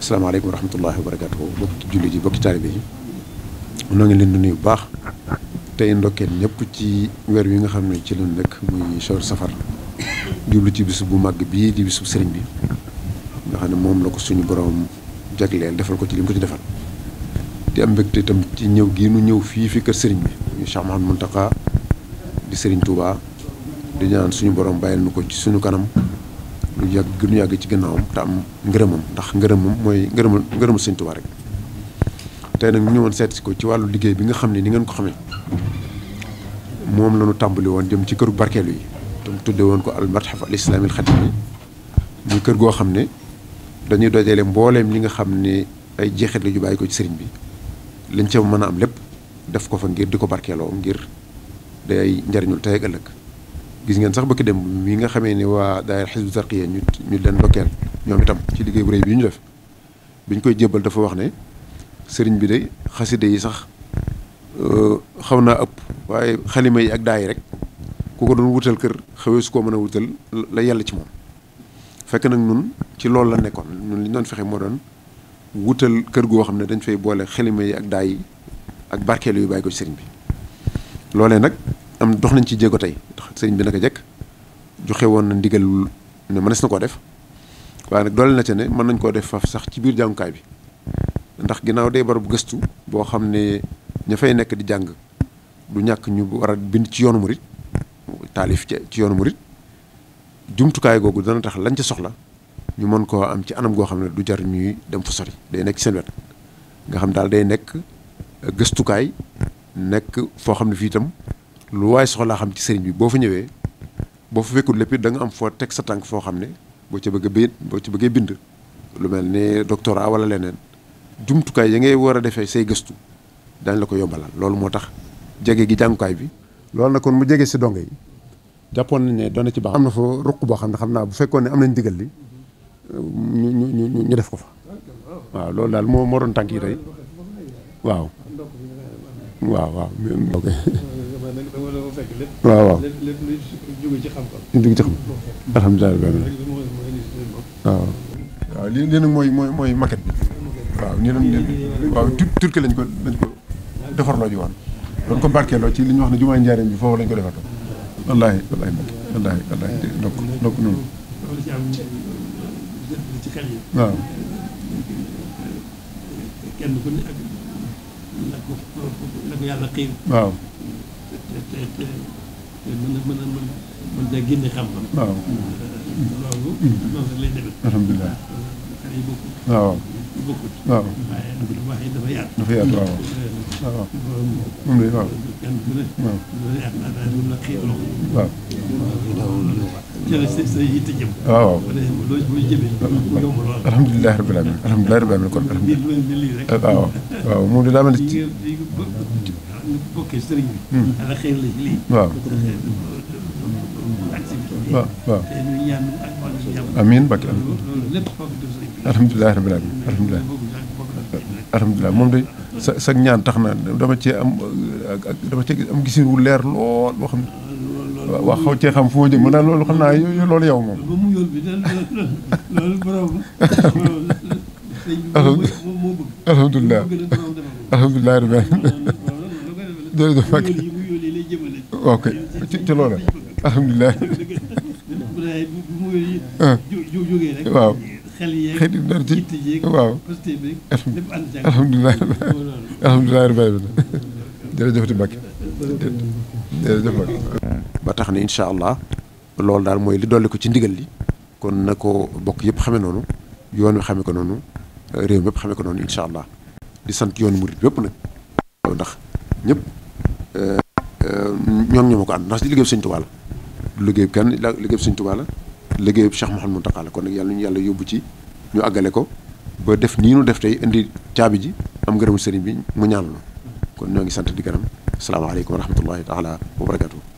asalaamaaleykum wa rahmatullahi wa barakaatuhu bokki julli ji bokki taalibe yi noo ngi leen di nuyu bu baax tey ndokkeel ñëpp ci weer wi nga xam ne ci lañ nekk muy sor safar jublu ci bisu bu màgg bii di bisu sëriñ bi nga xam ne moom la ko suñu borom jagleel defal ko ci li ko ci defal di am mbégte itam ci ñëw gii nu ñëw fii fi kër sëriñ bi muy Cheikh Mouhamadou Mountakha di sëriñ Touba di ñaan suñu borom bàyyil nu ko ci suñu kanam lu yàgg gënu yàgg ci ginnaawam te am ngërëmam ndax ngërëmam mooy ngërëmal ngërëmal Sëñ Tuubaa rek tey nag ñu ñëwoon seet ko ci wàllu liggéey bi nga xam ne ni ngeen ko xamee moom la ñu tàmbali woon jëm ci këru barkeelu yi tam tudde woon ko al matxaf al islaamil mi muy kër goo xam ne dañuy dojale mbooleem li nga xam ne ay jeexit la ju bàyyi ko ci sëriñ bi lañ ca mën a am lépp def ko fa ngir di ko barkeeloo ngir day njariñul tey ak ëllëg gis ngeen sax bëgg dem mi nga xamee ni waa daayira Hizbut Tarqiyyah ñu ñu leen ndokkeel ñoom itam ci liggéey bu rëy bi ñu def biñ koy jébbal dafa wax ne sëriñ bi de xaside yi sax euh, xaw naa ëpp waaye xalima yi ak daay rek ku ko doon wutal kër xawee su koo mën a wutal la yàlla ci moom fekk nag nun ci loolu la nekkoon ñun li doon fexe moo doon wutal kër goo xam ne dañ fay boole xalima yi ak daay ak barkeelu yu bàyyi ko ci sëriñ bi loolee nag am dox nañ ci jéego tey sëriñ bi naka jëkk joxe woon na ndigal ne mënees na koo def waaye nag doole na ca ne mën nañ koo def faf sax ci biir jàngukaay bi ndax ginnaaw day barab gëstu boo xam ne ña fay nekk di jàng du ñàkk ñu war bind ci yoonu murit taalif ci yoonu murit jumtukaay googu dana tax lañ ca soxla ñu mën koo am ci anam goo xam ne du jar ñuy dem fa sori day nekk ci seen wet nga xam daal day nekk gëstukaay nekk foo xam ne fii tam lu waaye soxlaa xam ci sëriñ bi boo fa ñëwee boo fa fekkul lépp danga am foo teg sa tànk foo xam ne boo ci bëgg bind boo ca bëggee bind lu mel ni doctorat wala leneen jumtukaay ya ngay war a defee say gëstu dañ la ko yombalal loolu moo tax jege gi jàngukaay bi loolu nag kon mu jege si dongo yi jàppoon nañ ne doona ci baax am na fa ruq boo xam ne xam naa bu fekkoon ne am nañ digal li ñu ñu ñu ñu def ko fa waaw loolu daal moo moo doon tànk yi tey waaw waaw waaw waaw waaw lépp lu jóge ci xam-xam. lu jóge ci xam-xam alhamdulilah. waaw. waaw lii nee na mooy mooy mooy maquette bi. waaw nee nañu waaw tur turki lañ ko lañ ko defarloo ji woon. doon ko barkeeloo ci li ñu wax ne jumaa njaareem bi foofu lañ ko defarloo. wallaahi wallaahi Mbacke wallaahi wallaahi donc donc noonu. waaw. kenn ku ne ak waaw. te te te mën a mën a mën mën daa génne xam-xam. waaw loolu. noonu mm-hmm. rek lay demee. alhamdulilah. xale yi bokkut. waaw bokkut. waaw waaye wax yi dafa yaatu. dafa yaatu waaw. waaw moom lay waaw. kenn ku ne. waaw loolu yaatu naa daal mun na xiirloo. waaw. ci la sa sa yitte jëm. waaw loolu boo jëmee. yomb lool. alhamdulilah rabbil alamin alhamdulilah rabbil alamin kon alhamdulilah. waaw waaw moom de daa mel ni. bokkee sëriñ ci hmm. lii. waaw waaw waaw. te ñun ñaan amiin Mbacke amiin loolu bi. alhamdulilah rabbil moom de sa ñaan tax na dama ci am ak dama cee wu leer lool boo xam ne. waaw xaw cee xam foo jëm daal loolu xam naa loolu yow moom. ba mu yóol bi daal jërëjëf Mbacke ok ci ba tax na incha allah loolu daal mooy li dolli ko ci ndigal li kon na ko bokk yëpp xame noonu yoon wi xame ko noonu réew mi yëpp xame ko noonu incha allah di sant yoonu murit yëpp nag ndax Euh, euh, ñoom ñoo ma ko ànd ndax liggéeyub Sëñ Tuubaa la du liggéeyub kenn liggéeyub Sëñ Tuubaa la liggéeyub Cheikh Mouhamadou Mountakha la kon nag yàlla ñu yàlla yóbbu ci ñu àggale ko ba def nii ñu def tey indi caabi ji am ngërëmul sëriñ bi mu ñaanal kon ñoo ngi sant di gërëm asalaamaaleykum wa rahmatullahi taala wa barakatuh